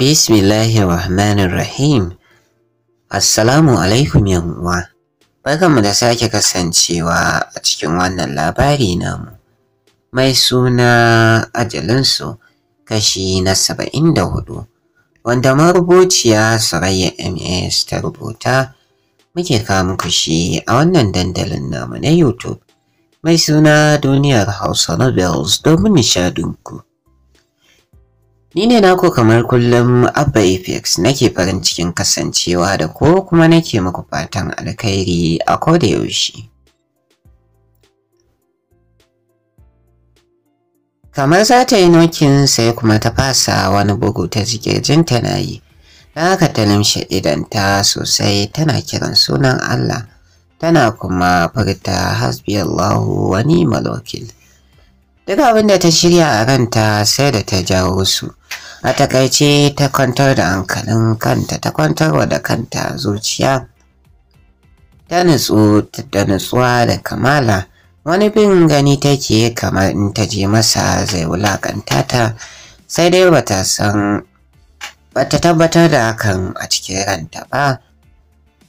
Bismillahir Rahmanir Rahim. Assalamu alaikum yamma. Barkanmu da sake kasancewa a cikin wannan labari namu. Mai suna ajalinsu kashi na saba'in da hudu, wanda marubuciya Soraya MS ta rubuta muke kawo shi a wannan dandalin namu na YouTube. Mai suna duniyar Hausa Novels domin nishadinku. Ni ne nako kamar kullum Abba Apex nake farin cikin kasancewa da ko kuma nake muku fatan alkhairi a koda yaushe. Kamar za ta yi nokin sai kuma ta fasa wani bugu ta jikirjin tana yi, ta haka ta idan idanta sosai tana kiran sunan Allah, tana kuma furta hasbiyallahu wani malokil. Duk abin da ta shirya a ranta sai da ta jawo su. A takaice ta kwantar da hankalin kanta, ta wa da kanta zuciya. Ta nutsu da nutsuwa da kamala, wani bin gani take kamar in ta je masa zai wulakanta ta, sai dai bata san bata tabbatar da hakan a cikin ranta ba.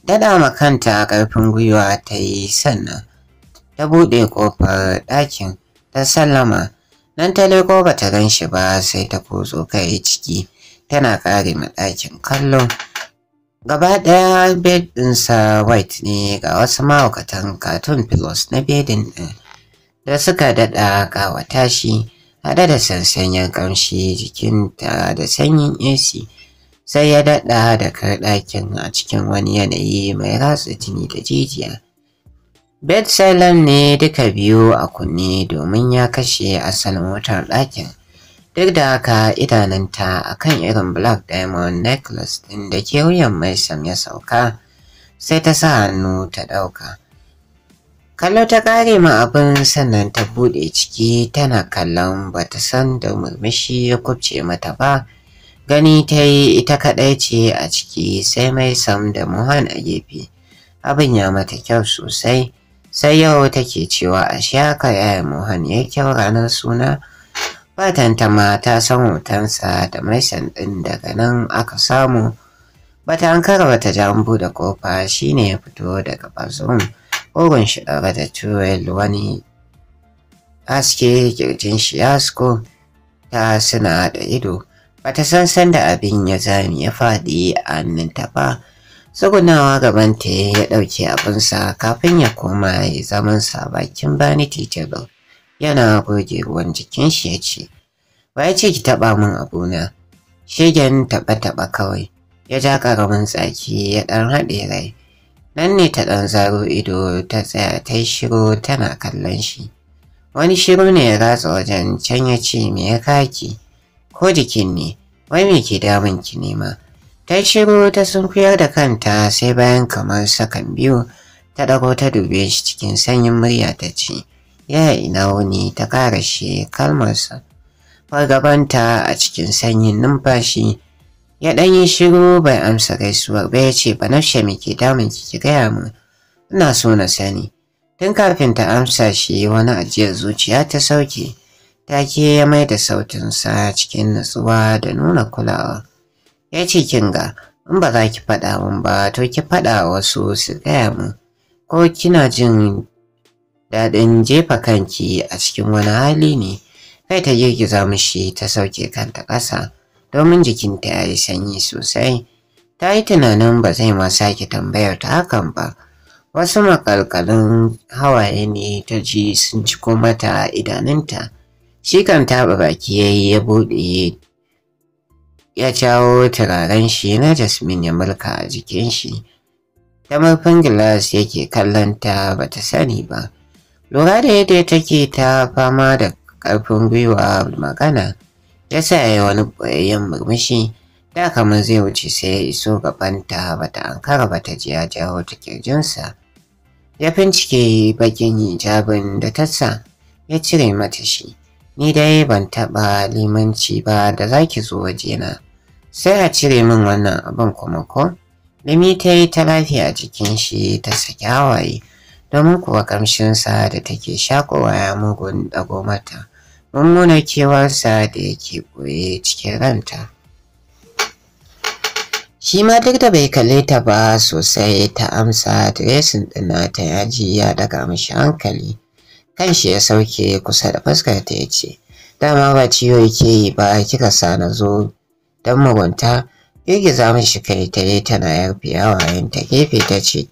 Daɗa ma kanta ƙarfin gwiwa ta yi sannan ta buɗe ƙofar ɗakin. ta sallama nan ta leko ba ta gan shi ba sai ta kutso kai ciki tana kare ma ɗakin kallo gaba ɗaya bed sa white ne ga wasu mahaukatan katon pillows na bedin ɗin da suka daɗa ƙawata shi haɗe da sansanyen ƙamshi jikinta da sanyin AC sai ya daɗa da kar a cikin wani yanayi mai ratsa jini da jijiya. Salem ne duka biyu a kunne domin ya kashe asalin wutar ɗakin. Duk da haka idanunta a kan irin Black Diamond necklace ɗin da ke wuyan sam ya sauka, sai ta sa hannu ta ɗauka. Kallo ta ƙare ma abin sannan ta buɗe ciki tana kallon bata san da murmushi ya kubce mata ba, gani ta yi ita kaɗai ce a ciki sai mai sam da Mohan a gefe. Abin ya mata kyau sosai. sai yau take cewa a shaka yaya mohan ya kyau ranar suna batanta ma ta san hotonsa da maisan ɗin daga nan aka samu bata an bata ja an buɗe ƙofa shine ya fito daga bazum ogun shi ɗaure da tuwel wani aske kirjin shi yasko ta suna da ido bata san sanda abin ya zami ya faɗi a hannunta ba tsagunawa gaban ta ya ɗauke abinsa kafin ya koma ya sa bakin vanity table. Yana goge ruwan jikin shi ya ce, Wa ya ce ki taɓa min abuna? Shegen taɓa-taɓa kawai. Ya ja karamin tsaki ya ɗan haɗe rai. Nan ne ta ɗan zaro ido ta tsaya ta yi shiru tana kallon shi. Wani shiru ne ya ratsa wajen can ya ce me ya kaki? Ko jikin ne? Wai me ke damun ki nema? Ta shiru ta sunkuyar da kanta sai bayan kamar sakan biyu ta ɗago ta dube shi cikin sanyin murya ta ce, Yaya ina wuni ta kara shi kalmarsa. Fargabanta a cikin sanyin numfashi ya ɗan yi shiru bai amsa gaisuwar ba ya ce banafshe me ke damun ki gaya mu ina so na sani. Tun kafin ta amsa shi wani ajiyar zuciya ta sauke, take ya mai da sautinsa cikin natsuwa da nuna kulawa. ya ce kin ga in ba za ki faɗa min ba to ki faɗa wasu su gaya min ko kina jin daɗin jefa kanki a cikin wani hali ne kai ta girgiza mishi ta sauke kanta ƙasa domin jikinta ya yi sanyi sosai ta yi tunanin ba zai ma sake tambayar ta hakan ba wasu makalkalin hawaye ne ta ji sun ko mata idanunta shi kan taɓa baki ya yi ya buɗe ya jawo turaren shi na jasmin ya mulka a jikin shi ta murfin gilas yake kallon ta bata sani ba lura da yadda take ta fama da ƙarfin gwiwa magana ya sa ya wani ɓoyayyen murmushi da kamar zai wuce sai ya iso gabanta bata ankara bata ji ya jawo ta kirjinsa ya bincike bakin hijabin da ta ya cire mata shi ni dai ban taɓa limanci ba da zaki ki zo wajena sai a cire min wannan abin kuma ko limi ta yi ta lafiya jikin shi ta saki hawaye domin kuwa ƙamshinsa da take shakowa ya mugun ɗago mata mummunar kewarsa da yake ɓoye cikin ranta shi ma duk da bai kalle ta ba sosai ta amsa diresin ɗina ta yaji ya daga mishi hankali shi ya sauke kusa da fuskar ta ya ce dama ba ciwo yake yi ba kika sa na zo dan mugunta girgiza shi kai ta yi tana yarfiya wayan ta gefe ta ce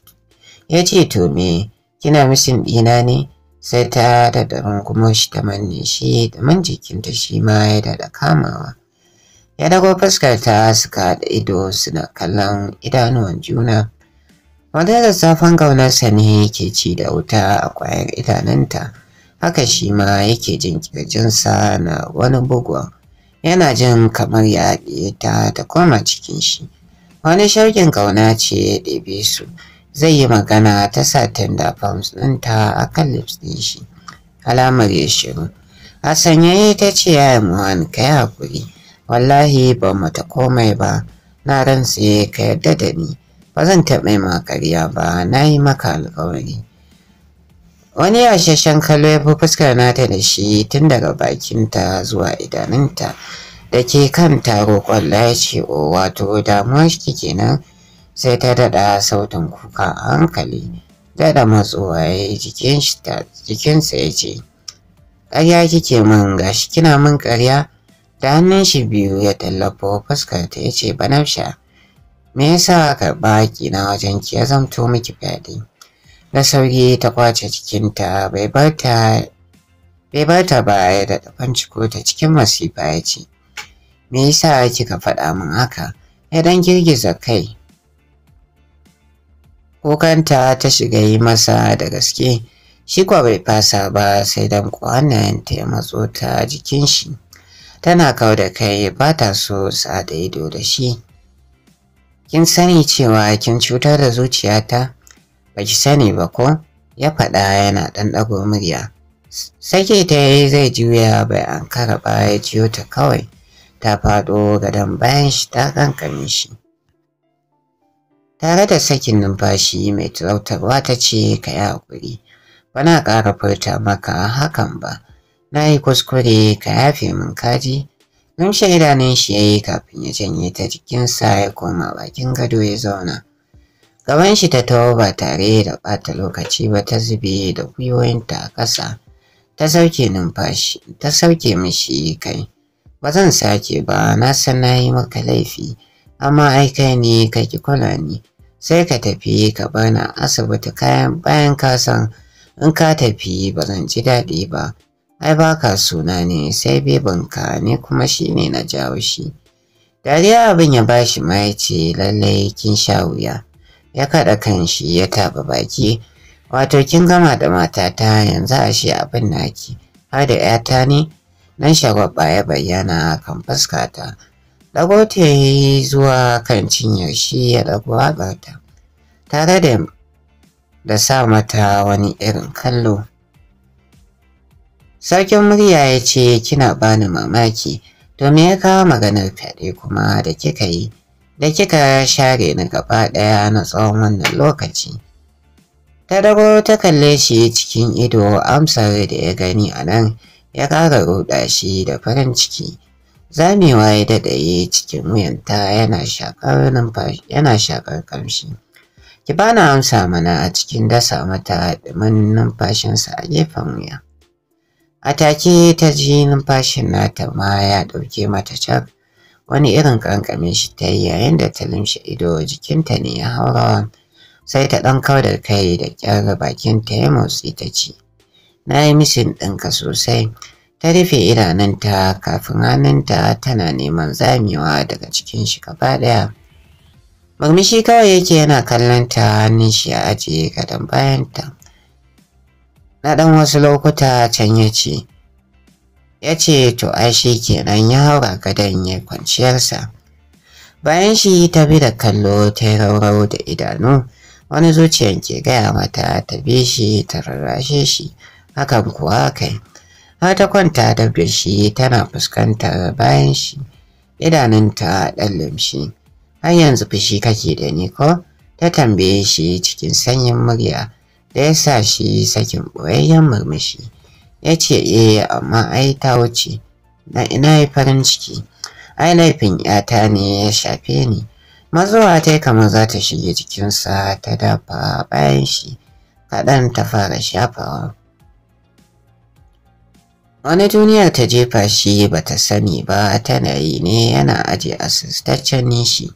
ya ce to me kina mishin ɗina ne sai ta daɗa kuma shi ta manne shi da man jikinta shi ma ya daɗa kamawa ya dago fuskar suka haɗa ido suna kallon idanuwan juna Wata da safan ƙaunarsa ne yake ci da wuta a kwayar idanunta, haka shi ma yake jin ƙirjinsa na wani bugwa, yana jin kamar ya ta ta koma cikin shi. Wani shauƙin gauna ce ya ɗebe su, zai yi magana ta sa tender palms ɗinta a kan lips ɗin shi, alamar ya shiru. A sanyaye ta ce ya yi muhan ka yi haƙuri, wallahi ba mata komai ba, na ran sai ka yarda da ni. ba zan taɓa ma ƙarya ba na yi maka alƙawari wani yashashen kallo ya fi fuskar nata da shi tun daga bakinta zuwa idanunta da ke kan taro ƙwallo ya ce o wato damuwa shi kenan sai ta daɗa sautin kuka a hankali daɗa matsuwa ya yi jikinsa ya ce ƙarya kike min gashi kina min ƙarya da hannun shi biyu ya tallafo fuskar ta ya ce banafsha Me yasa karɓa na wajen ki ya zamto miki fyaɗe? Na sauri ta kwace cikinta bai bar ta bai ba ya da ɗafan ciko ta cikin masifa ya ce, Me yasa kika faɗa min haka? Ya dan girgiza kai. Kukanta ta shiga yi masa da gaske, shi kwa bai fasa ba sai dan ta ya matso ta jikin shi. Tana kau da kai ba ta so sa da ido da shi. kin sani cewa kin cutar da zuciyata ba ki sani ba ko ya faɗa yana ɗan ɗago murya sake ta yi zai juya bai an ba ya ciyo ta kawai ta faɗo gadon bayan shi ta kankame shi tare da sakin numfashi mai tsautarwa ta ce ka yi haƙuri bana ƙara furta maka hakan ba na yi kuskure ka yafe min kaji Namshe idanun shi ya yi kafin ya janye ta jikinsa ya koma bakin gado ya zauna. Gaban shi ta taho ba tare da ɓata lokaci ba ta zube da gwiwoyinta a ƙasa. Ta sauke numfashi, ta sauke mishi kai. Ba zan sake ba, na san na yi maka laifi, amma ai kai ne ka ki kula ni. Sai ka tafi ka bana asibiti kayan bayan ka san in ka tafi ba zan ji daɗi ba. ai ba ka suna ne sai bebinka ne kuma shi ne na jawo shi. Dariya abin ya bashi ma ya ce lallai kin sha wuya. Ya kaɗa kan shi ya taɓa baki. Wato kin gama da matata yanzu a shi abin naki. Har da ‘yata ne? Nan shagwabba ya bayyana kan fuskata. Dago ta yi zuwa kan cinyar shi ya dago haɓarta. Tare da da sa mata wani irin kallo. Sarkin murya ya ce kina bani mamaki, to me ya kawo maganar fyaɗe kuma da kika yi, da kika share ni gaba ɗaya na tsawon wannan lokaci. Ta dago ta kalle shi cikin ido amsar da ya gani a nan ya ƙara ruɗa shi da farin ciki. Zamewa ya daɗaye cikin wuyanta yana shakar ƙamshi. Ki bani amsa mana a cikin dasa mata ɗumin numfashinsa a gefen wuya. A take ta ji numfashin nata ma ya ɗauke mata cak wani irin ƙanƙamin shi ta yi yayin da ta limshe ido jikinta ne ya haura sai ta ɗan kawar kai da bakin ta ya motsi ta ci. Na yi mishin ɗinka sosai, ta rufe idanunta kafin hannunta tana neman zamewa daga cikin shi gaba ɗaya. Murmushi kawai yake yana kallon ta hannun shi a ajiye gadon bayanta. na ɗan wasu lokuta can ya ce ya ce to ai shi kenan ya haura gadon ya kwanciyarsa bayan shi ta bi da kallo ta yi raurau da idanu wani zuciyan ke gaya mata ta bi shi ta rarrashe shi hakan kuwa kai har ta kwanta da shi tana fuskantar bayan shi idanunta ɗan limshi har yanzu fushi kake da ni ko ta tambaye shi cikin sanyin murya da ya sa shi sakin ɓoyayyen murmushi ya ce eh amma ai ta wuce na ina yi farin ciki ai laifin yata ne ya shafe ni mazuwa ta kamar za ta shige jikinsa ta dafa bayan shi kaɗan ta fara shafawa wani duniyar ta jefa shi ba ta sani ba tana yi ne yana aje asistaccen nishi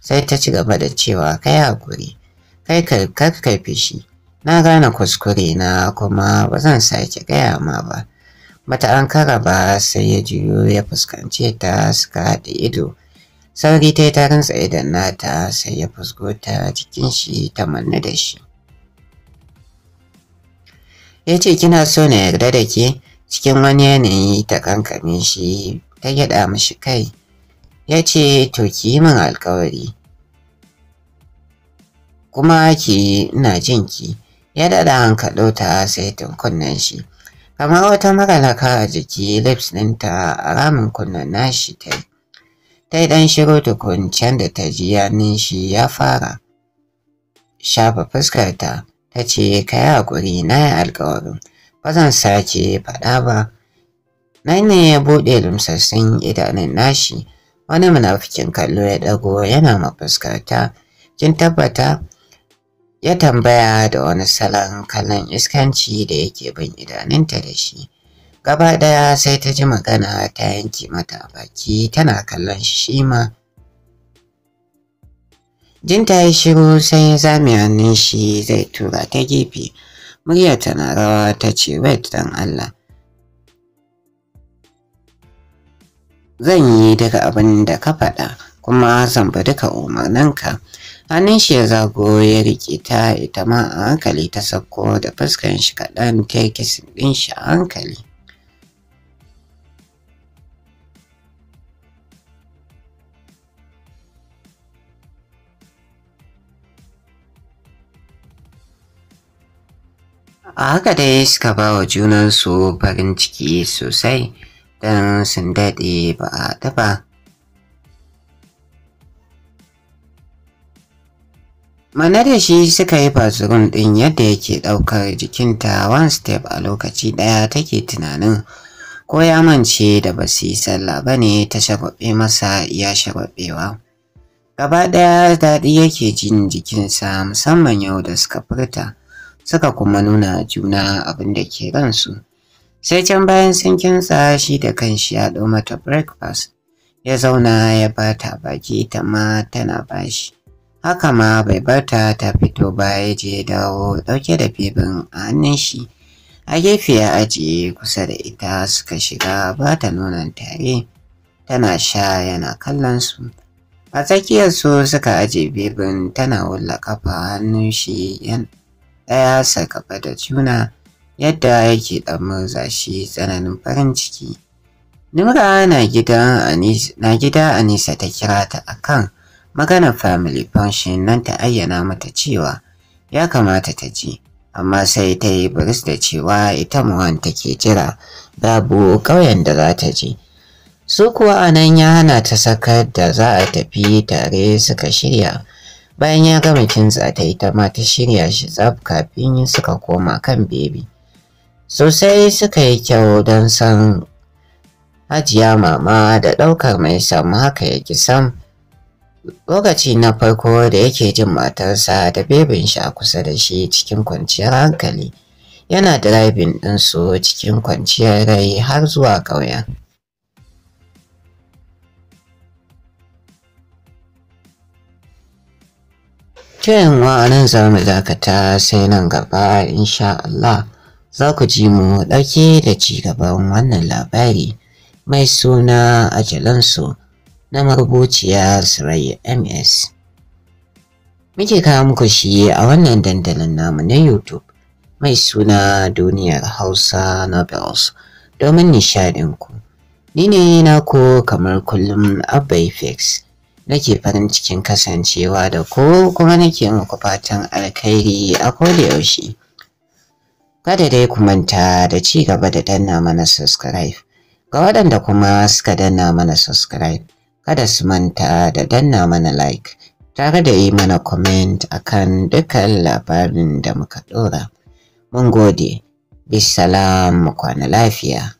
sai ta ci gaba da cewa kai hakuri kai karkar shi. na gane kuskure na kuma ba zan sake gaya ma ba mata an kara ba sai ya jiyo ya fuskance ta suka haɗa ido sauri ta yi tarin tsaye da nata sai ya fusko ta cikin shi ta manna da shi ya ce kina so na yarda da ke cikin wani yanayi ta kankame shi ta gyaɗa mashi kai ya ce to ki yi min alkawari kuma ki ina jin ki ya daɗa hankaɗo ta saitin kunnen shi kamar wata maralaka a jiki lips ɗinta a ramin kunnen nashi ta yi ta yi ɗan shiru tukun can da ta ji yanin shi ya fara shafa fuskarta ta ce ka yi haƙuri na yi alƙawarin ba zan sake faɗa ba nan ne ya buɗe lumsassun idanun nashi wani munafikin kallo ya ɗago yana mafuskarta kin tabbata ya tambaya da wani salon kallon iskanci da yake bin idanunta da shi gaba ɗaya sai ta ji magana ta yanke mata baki tana kallon shi ma jin ta yi shiru sai ya zame hannun shi zai tura ta gefe murya tana rawa ta ce wait dan allah zan yi daga abin da ka faɗa kuma zan bi duka umarninka hannun shi ya zago ya rikita ta ita ma a hankali ta sauko da fuskan shi kaɗan ta kisin ɗin shi a hankali a haka dai suka ba wa junansu farin ciki sosai don sun daɗe ba a taɓa Mana da shi suka yi basurun ɗin yadda yake ɗaukar jikinta one step a lokaci ɗaya take tunanin ko ya mance da ba su yi sallah ba ne ta shabaɓe masa ya shabaɓewa. Gaba ɗaya daɗi yake jin jikinsa musamman yau da suka furta suka kuma nuna juna abin da ke ransu. Sai can bayan sun kinsa shi da kanshi ya ɗau mata breakfast ya zauna ya bata baki ta ma tana bashi. haka ma bai barta ta fito ba ya je dawo dauke da fifin a hannun shi a gefe ya ajiye kusa da ita suka shiga ba ta nonon tare tana sha yana kallon su a tsakiyar su suka ajiye bebin tana wulla kafa hannun shi yan ɗaya sakaba da juna yadda yake ɗan murza shi tsananin farin ciki Nimra na gida Anisa ta kira ta akan Maganar family function nan ta ayyana mata cewa ya kamata ta ji, amma sai ta yi buris da cewa ita muwan take jira babu ƙauyen da za ta je. Su kuwa a nan ya hana ta sakar da za a tafi tare suka shirya. Bayan ya gama kintsa ta ita ma ta shirya shi tsaf kafin suka koma kan bebi. Sosai suka yi kyau don san Hajiya mama da ɗaukar mai samu haka ya ki sam Lokaci na farko da yake jin matarsa da bebin shi a kusa da shi cikin kwanciyar hankali, yana driving ɗinsu cikin kwanciyar rai har zuwa ƙauyen. Tayin wa nan za mu dakata sai nan gaba insha Allah za ku ji mu ɗauke da ci gaban wannan labari mai suna a jalansu. na marubuciya Sarayya MS. Muke kawo muku shi a wannan dandalin namu na YouTube mai suna Duniyar Hausa Nobels domin nishadinku. Ni ne na naku kamar kullum Abba Fix. Nake farin cikin kasancewa da ku kuma nake muku fatan alkhairi a yaushe. Kada dai ku manta da ci gaba da danna mana subscribe. Ga waɗanda kuma suka danna mana subscribe. kada su manta da danna mana like tare da yi mana comment akan dukkan labarin da muka dora. Mun gode, bisalam kwana lafiya.